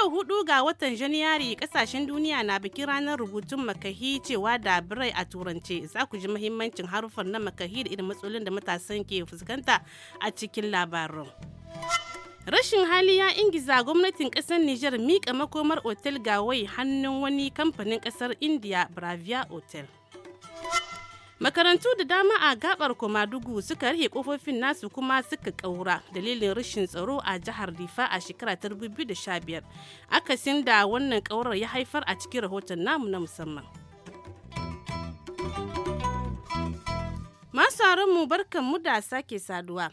yau hudu ga watan janairu kasashen duniya na bikin ranar rubutun makahi cewa da birai a turance za ku ji mahimmancin haruffan na makahi da irin matsalolin da matasan ke fuskanta a cikin labarin rashin hali ya ingiza gwamnatin kasar niger mika makomar otel wai hannun wani kamfanin kasar india bravia otal. makarantu da dama a gabar dugu suka rufe kofofin nasu kuma suka kaura dalilin rashin tsaro a jihar difa a shekara ta 2015 akasin da wannan kaurar ya haifar a cikin rahoton namu na musamman masu mu barkan mu da sake saduwa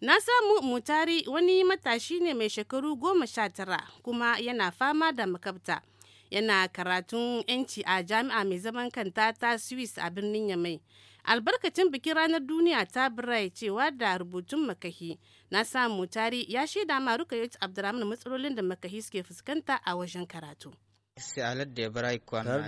na samu mutari wani matashi ne mai shekaru goma sha tara kuma yana fama da makabta yana karatun 'yanci a jami'a mai zaman kanta ta Swiss a birnin Yamai. Albarkacin bikin ranar duniya ta birai cewa da rubutun makahi na samu tari ya shaida ma Rukayat Abdurrahman matsalolin da makahi suke fuskanta a wajen karatu. Tare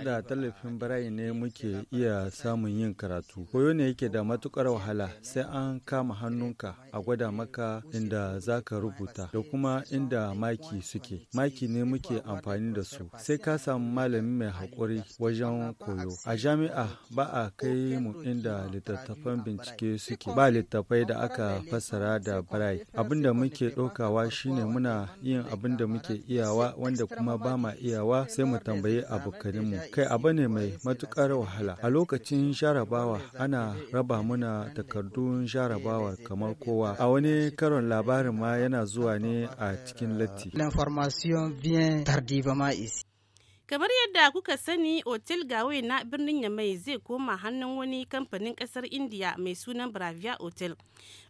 da tallafin barayi ne muke iya samun yin karatu. Koyo ne yake da matukar wahala sai an kama hannunka a gwada maka inda za ka rubuta da kuma inda maki suke. Maki ne muke amfani da su. Sai ka samu malami mai haƙuri wajen koyo. A jami'a ba a kai mu inda littattafan bincike suke. Ba littattafai da aka fassara da barayi. Abin da muke ɗaukawa shine muna yin abin da muke iyawa wanda kuma ba ma iyawa sai mu tambayi abokanmu kai abu ne mai matukar wahala a lokacin jarabawa ana raba muna takardun jarabawa kamar kowa a wani karon labarin ma yana zuwa ne a cikin latti. Kamar yadda kuka sani, Otel Gawe na birnin Yamai zai koma hannun wani kamfanin kasar India mai sunan Bravia otel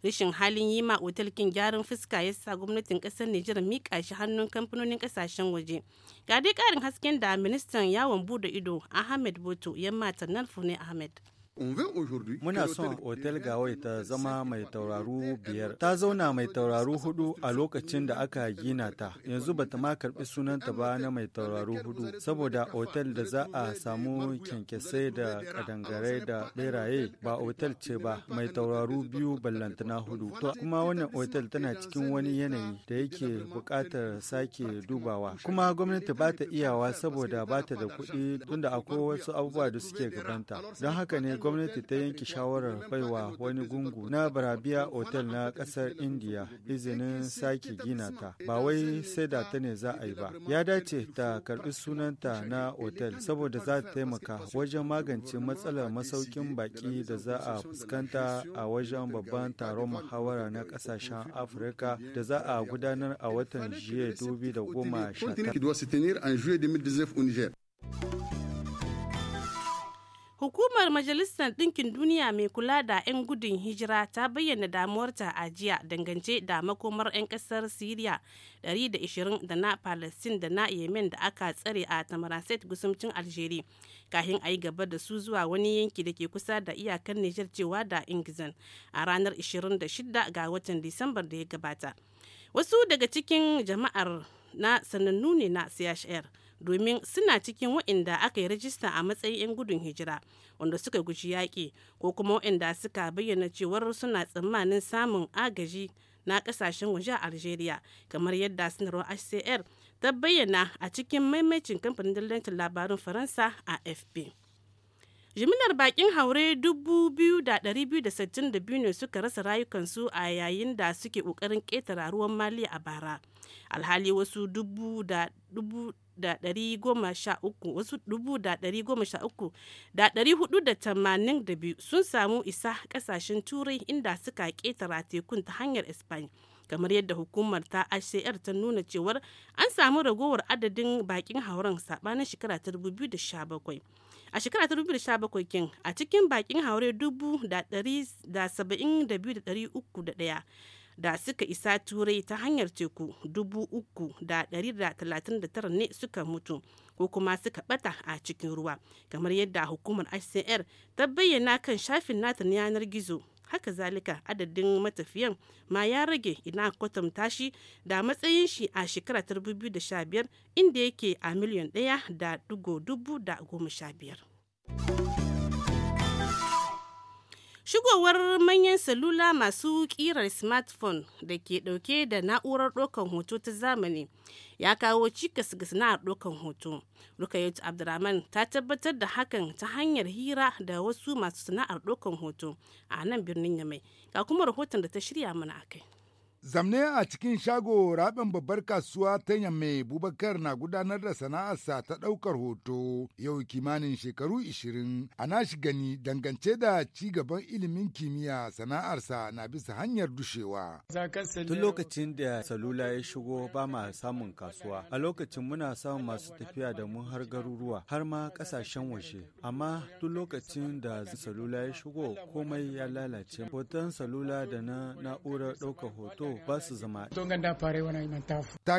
Rashin halin yi ma otel kin gyaran fuska ya sa gwamnatin kasar Nijar mika shi hannun kamfanonin kasashen waje. Ga dai karin hasken da ministan yawon bude ido Ahmed Boto yamma Tannar Fune Ahmed. Muna son otel Gawai ta zama mai tauraru biyar. Ta zauna mai tauraru hudu a lokacin da aka gina ta. Yanzu bata ma karbi sunanta ba na mai tauraru hudu. Saboda otel da za a samu kyankyasai da kadangare da beraye ba otel ce ba mai tauraru biyu ballantana hudu. To kuma wannan otel tana cikin wani yanayi da yake bukatar sake dubawa. Kuma gwamnati ba ta iyawa saboda ba ta da kuɗi tunda akwai wasu abubuwa da suke gabanta. Don haka ne gwamnati ta yanke shawarar baiwa wani gungu na barabiya otel na kasar indiya izinin sake gina ta, ba wai sai da ta ne za a yi ba. Ya dace ta karbi sunanta na otel saboda za ta taimaka wajen magance matsalar masaukin baki da za a fuskanta a wajen babban taron muhawara na kasashen Afirka da za a gudanar a watan Jiya 2019. Hukumar Majalisar Ɗinkin Duniya mai kula da 'yan gudun hijira ta bayyana damuwarta a jiya dangance da makomar 'yan kasar Siriya 120 da na Palestine da na Yemen da aka tsare a tamaraset gusumcin Algeria kahin a yi gaba da su zuwa wani yanki da ke kusa da iyakar Nijar cewa da Ingizan a ranar 26 ga watan Disambar da ya gabata. Wasu daga cikin jama'ar na sanannu ne na CHR. domin suna cikin waɗanda aka yi rajista a matsayin 'yan gudun hijira wanda suka guji yaƙi ko kuma waɗanda suka bayyana cewar suna tsammanin samun agaji na ƙasashen waje a Algeria kamar yadda sanarwar HCR ta bayyana a cikin maimacin kamfanin dillancin labarin Faransa a fb. jimilar bakin haure 2,262 ne suka rasa rayukansu a yayin da suke kokarin ketara ruwan mali a bara alhali wasu da wasu dubu da goma sha uku da hudu da tamanin da biyu sun samu isa kasashen turai inda suka ƙetara tekun ta hanyar espanya kamar yadda hukumar ta HCR ta nuna cewar an samu ragowar adadin bakin hauren sabanin shekara ta 2017. A shekara ta 2017 kin a cikin bakin haure 172,301 da suka isa turai ta hanyar teku 3,139 ne suka mutu ko kuma suka bata a cikin ruwa kamar yadda hukumar hcr ta bayyana kan shafin nata na yanar gizo haka zalika adadin matafiyan ma ya rage ina kwatanta shi da matsayin shi a shekara 2015 inda yake a miliyan ɗaya da Shigowar manyan salula masu ƙirar smartphone da ke dauke da na'urar ɗaukan hoto ta zamani ya kawo cikas ga sana'ar ɗaukan hoto. Rukayat Abdurrahman ta tabbatar da hakan ta hanyar hira da wasu masu sana'ar ɗaukan hoto a nan birnin Yamai. Ga kuma rahoton da ta shirya mana akai. Zamne a cikin shago rabin babbar kasuwa ta Yamme Bubakar na gudanar da sana'arsa ta ɗaukar hoto yau kimanin shekaru 20 a nashi gani dangance da ci gaban ilimin kimiyya sana'arsa na bisa hanyar dushewa. Tun lokacin da salula ya shigo ba ma samun kasuwa, a lokacin muna samun masu tafiya da mun har garuruwa har ma ƙasashen waje. Amma tun lokacin da salula ya shigo komai ya lalace. Hoton salula da na na'urar ɗaukar hoto ba su zama.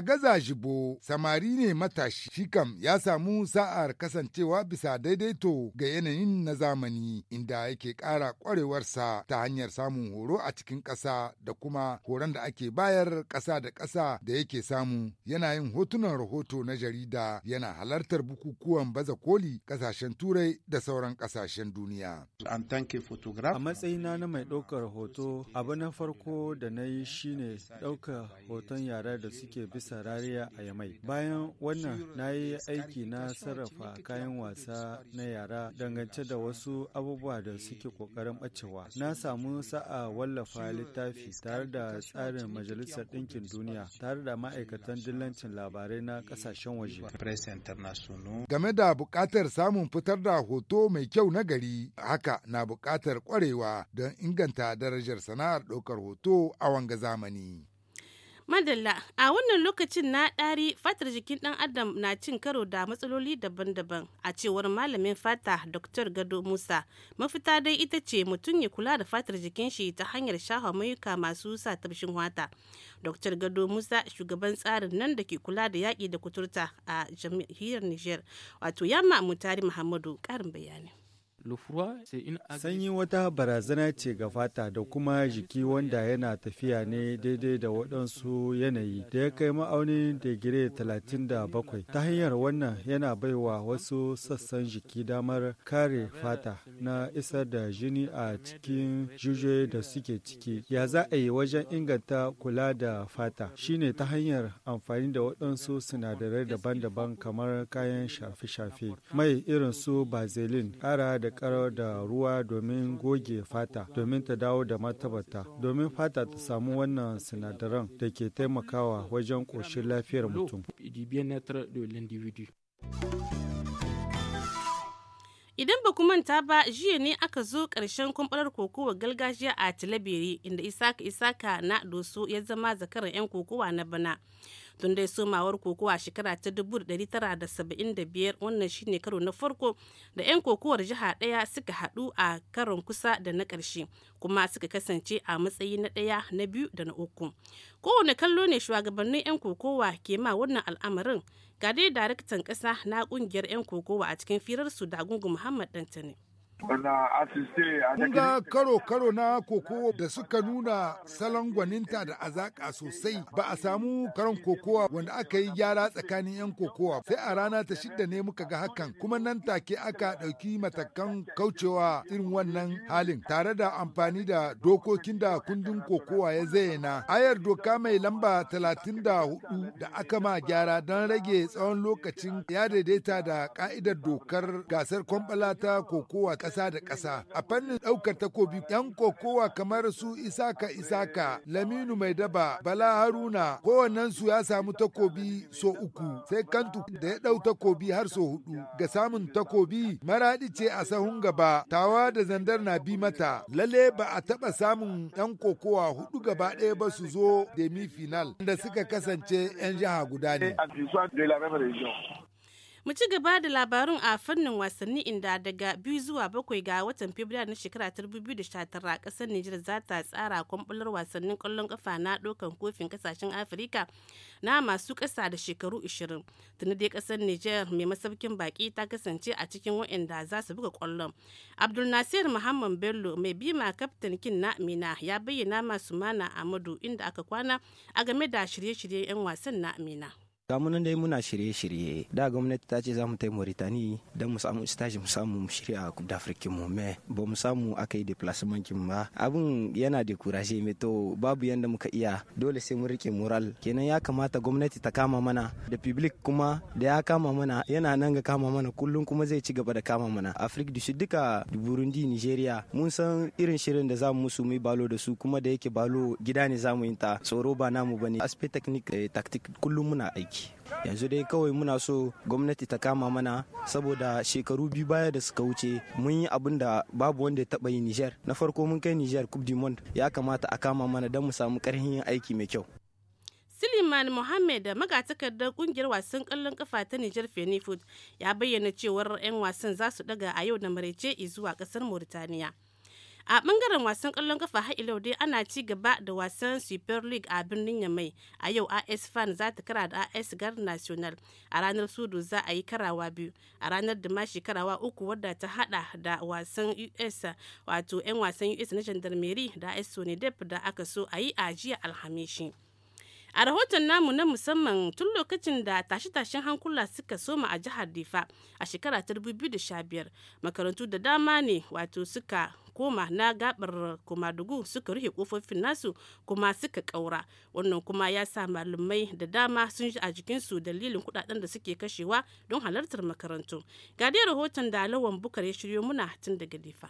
gaza Jibo samari ne matashi shi kam ya samu sa'ar kasancewa bisa daidaito ga yanayin na zamani inda yake ƙara ƙwarewarsa ta hanyar samun horo a cikin ƙasa da kuma horon da ake bayar ƙasa da ƙasa da yake samu yana yin hotunan rahoto na jarida yana halartar bukukuwan baza koli ƙasashen turai da sauran ƙasashen duniya. A matsayina na mai ɗaukar hoto abu na farko da na yi shi shine ɗauka hoton yara da suke bisa rariya a yamai bayan wannan na yi aiki na sarrafa kayan wasa na yara dangance da wasu abubuwa da suke ƙoƙarin ɓacewa na samu sa'a wallafa littafi tare da tsarin majalisar ɗinkin duniya tare da ma'aikatan dillancin labarai na ƙasashen waje game da buƙatar samun fitar da hoto mai kyau na gari haka na buƙatar ƙwarewa don inganta darajar sana'ar ɗaukar hoto a wanga zamani zamani. madalla a wannan lokacin na ɗari fatar jikin ɗan adam na cin karo da matsaloli daban-daban a cewar malamin fata dr gado musa mafita dai ita ce mutum ya kula da fatar jikin shi ta hanyar shafa mayuka masu sa tabshin wata dr gado musa shugaban tsarin nan da ke kula da yaƙi da kuturta a jamhuriyar niger wato yamma mutari muhammadu ƙarin bayani Sanyi wata barazana ce ga fata da kuma jiki wanda yana tafiya ne daidai da waɗansu yanayi da ya kai ma'aunin digire 37. Ta hanyar wannan yana baiwa wasu sassan jiki damar kare fata na isar da jini a cikin jujuyoyi da suke ciki. Ya za a yi wajen inganta kula da fata shine ta hanyar amfani da waɗansu sinadarai daban-daban kamar kayan shafe-shafe, mai irin su ƙara da karar da ruwa domin goge fata domin ta dawo da martabarta domin fata ta samu wannan sinadaran da ke taimakawa wajen ƙoshin lafiyar mutum. Idan ba manta ba jiya ne aka zo ƙarshen kwamfarar kokowa galgajiya a Tilabere inda Isaka Isaka na Doso ya zama zakaran 'yan kokowa na bana. tun dai somawar kokowa shekara ta dubu tara da da saba'in biyar wannan shine karo na farko da 'yan kokowar jiha ɗaya suka haɗu a karon kusa da na ƙarshe kuma suka kasance a matsayi na ɗaya na biyu da na uku kowane kallo ne shugabannin 'yan kokowa ke ma wannan al'amarin ga dai daraktan ƙasa na ƙungiyar 'yan kokowa a cikin firarsu da gungun muhammad dantane Kunga karo-karo na kokowa da suka nuna salon gwaninta da azaƙa sosai ba a samu karon kokowa wanda aka yi gyara tsakanin 'yan kokowa sai a rana ta shidda ne muka ga hakan kuma nan take aka ɗauki matakan kaucewa irin wannan halin tare da amfani da dokokin da kundin kokowa ya zayyana. Ayar doka mai lamba 34 da aka ma gyara don rage tsawon lokacin ya daidaita da ka'idar dokar gasar kwamfala ta kokowa ƙasa da ƙasa. A fannin ɗaukar takobi, 'yan kokowa kamar su Isaka Isaka, Laminu Mai Daba, Bala Haruna, su ya samu takobi so uku, sai Kantu da ya ɗau takobi har so hudu. Ga samun takobi, maradi ce a sahun gaba, tawa da zandar na bi mata. Lalle ba a taɓa samun 'yan kokowa hudu gaba ɗaya ba su zo demi final da suka kasance 'yan jiha guda ne. Mu ci gaba da labarin a fannin wasanni inda daga biyu zuwa bakwai ga watan Fabrairu na shekara ta 2019 kasar Nijar za ta tsara kwambular wasannin kwallon kafa na dokan kofin kasashen Afirka na masu ƙasa da shekaru 20. Tuni dai kasar Nijar mai masaukin baki ta kasance a cikin waɗanda za su buga kwallon. Abdulnasir Nasir Muhammad Bello mai bima kaftan kin na Amina ya bayyana masu mana Amadu inda aka kwana a game da shirye-shiryen 'yan wasan na Amina. gamunan dai muna shirye-shirye da gwamnati ta ce za mu tai mauritani don mu samu stage mu samu mu shirya a kudu afirkin mu me ba mu samu aka yi deplacement kin ba abun yana da kuraje mai to babu yanda muka iya dole sai mun rike moral kenan ya kamata gwamnati ta kama mana da public kuma da ya kama mana yana nan ga kama mana kullum kuma zai ci gaba da kama mana afirka da duka burundi nigeria mun san irin shirin da za mu musu mu balo da su kuma da yake balo gida ne za mu yin ta tsoro ba namu bane aspect technique eh, tactic kullum muna aiki aiki yanzu dai kawai muna so gwamnati ta kama mana saboda shekaru biyu baya da suka wuce mun yi abin da babu wanda ya taba yi Niger na farko mun kai Niger Coupe du Monde ya kamata a kama mana don mu samu karhin yin aiki mai kyau Suleiman Mohammed da magatakardar kungiyar wasan kallon kafa ta Niger Fenifood ya bayyana cewar 'yan wasan za su daga a yau da maraice zuwa kasar Mauritania. a bangaren wasan kallon kafa har ilau dai ana ci gaba da wasan super league a birnin yamai a yau as fan za ta kara da as gar national a ranar sudu za a yi karawa biyu a ranar da ma shekarawa uku wadda ta hada da wasan us wato 'yan wasan us na gendarmerie da as dep da aka so a yi a jiya alhamishi a rahoton namu na musamman tun lokacin da tashe-tashen hankula suka soma a jihar difa a shekara ta 2015 makarantu da dama ne wato suka koma na gabar kumadugu suka rufe kofofin nasu kuma suka kaura wannan kuma ya sa malamai da dama sun ji a jikinsu dalilin kudaden da suke kashewa don halartar makarantu ga dai rahoton da lawan bukar ya shiryo muna tun daga difa.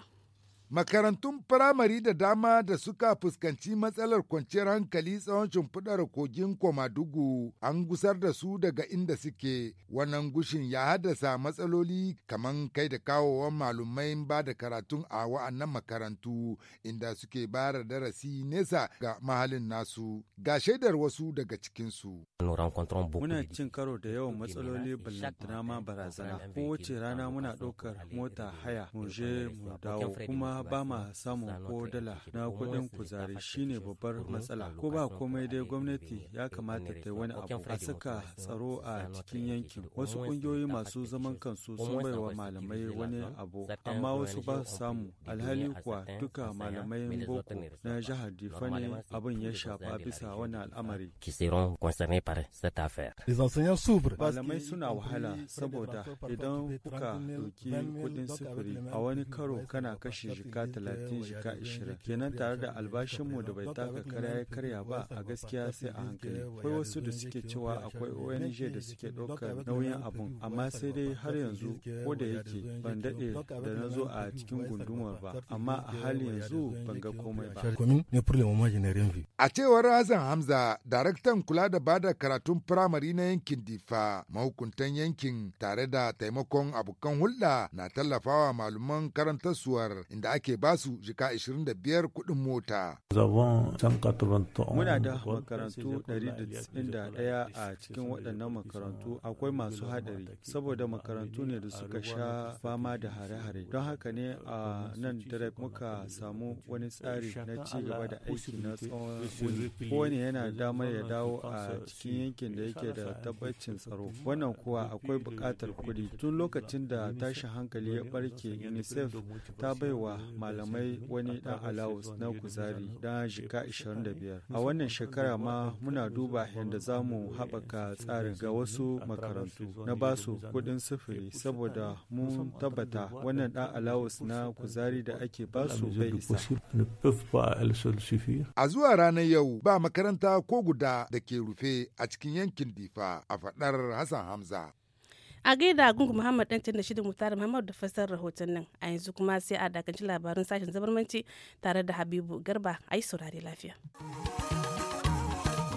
Makarantun firamare da dama da suka fuskanci matsalar kwanciyar hankali tsawon shimfiɗar kogin Komadugu an gusar da su daga inda suke wannan gushin ya haddasa matsaloli kamar kai da kawowan malumai ba da karatun a wa'annan makarantu inda suke bara darasi nesa ga mahalin nasu ga shaidar wasu daga cikinsu. Muna cin karo da yawan matsaloli barazana kowace rana muna ɗaukar mota haya mu mu dawo kuma kuma ba ma samun ko dala na kuɗin kuzari shine babbar matsala ko ba komai dai gwamnati ya kamata ta wani abu a saka tsaro a cikin yankin wasu ƙungiyoyi masu zaman kansu sun baiwa malamai wani abu amma wasu ba samu alhali kuwa duka malamai boko na jihar difane abin ya shafa bisa wani al'amari malamai suna wahala saboda idan kuka doki kuɗin sufuri a wani karo kana kashe jika talatin ishirin kenan tare da albashinmu da bai taka karya ya karya ba a gaskiya sai a hankali akwai wasu da suke cewa akwai ong da suke ɗaukar nauyin abun amma sai dai har yanzu ko da yake ban daɗe da na zo a cikin gundumar ba amma a hali yanzu ban ga komai ba a cewar hasan Hamza, daraktan kula da bada karatun firamare na yankin Difa, mahukuntan yankin tare da taimakon abokan hulɗa na tallafawa malaman karantarsuwar inda ake basu jika 25 kuɗin mota. Muna da makarantu 191 a cikin waɗannan makarantu akwai masu haɗari saboda makarantu ne da suka sha fama da hare-hare. Don haka ne a nan direk muka samu wani tsari na ci gaba da aiki na tsawon wuni. Kowane yana damar ya dawo a cikin yankin da yake da tabbacin tsaro. Wannan kuwa akwai buƙatar kuɗi. Tun lokacin da tashi hankali ya barke UNICEF ta baiwa malamai wani dan alawus na kuzari da shika 25 a wannan shekara ma muna duba yadda za mu haɓaka tsarin ga wasu makarantu na basu kuɗin sufuri saboda mun tabbata wannan dan alawus na kuzari da ake basu bai isa a zuwa ranar yau ba makaranta ko guda da ke rufe a cikin yankin difa a faɗar hassan hamza a gaida gungun muhammad dan da shida mutar muhammad da fasar rahoton nan a yanzu kuma sai a dakanci labarin sashen zabarmanci tare da habibu garba a yi saurari lafiya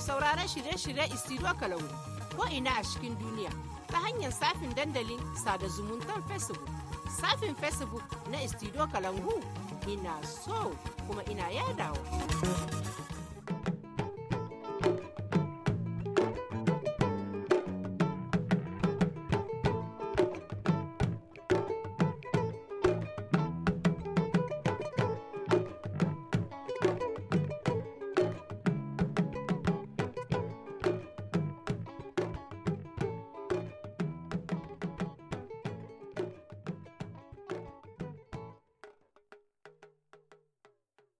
sauraron shirye-shirye istiro kalangu ko ina a cikin duniya ta hanyar safin dandalin sada zumuntar facebook safin facebook na istiro kalangu ina so kuma ina yadawa